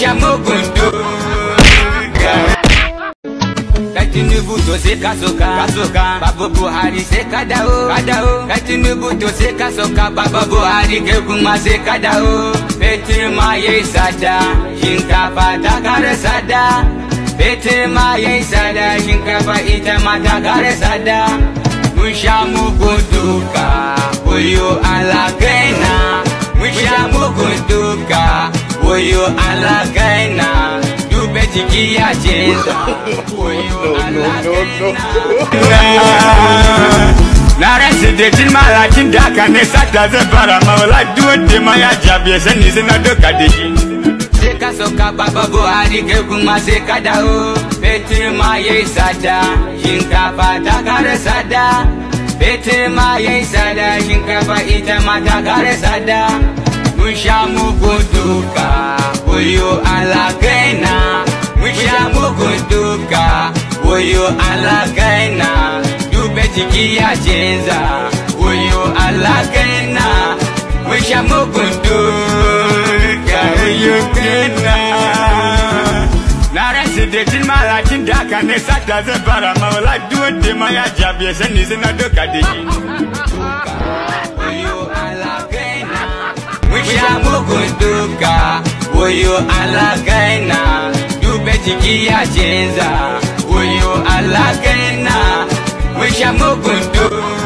chamogundoga katinibuto sekasoka kasoka babo buhari sekadao kadao katinibuto sekasoka babo buhari kekuma sekadao petemaye sada inkapa takare sada petemaye sada inkapa itama takare sada mushamugunduka oyo a koyo alagaina dube jiki ya ce koyo alagaina na de rasa da jin malakin da aka ne sata zai fara mawala duwan da ma ya jabi ya e sani suna doka da shi sai ka sauka baba buhari kai kuma se ka da dawo fetur ma ya yi sada shinkafa ta kare sada fetur ma ya yi sada shinkafa ita ma ta kare sada mun sha muku duka wayo Allah kaina mun sha mugun duka wayo Allah kaina dube jiki ya canza wayo Allah kaina mun sha mugun duka wayo kaina na rasi da jin sata zai fara mawala duwan da ma ya jabi ya sani doka da shi wayo Allah kaina you Allah kaina dube jiki ya chenza, huyo Allah kaina wisha mugundu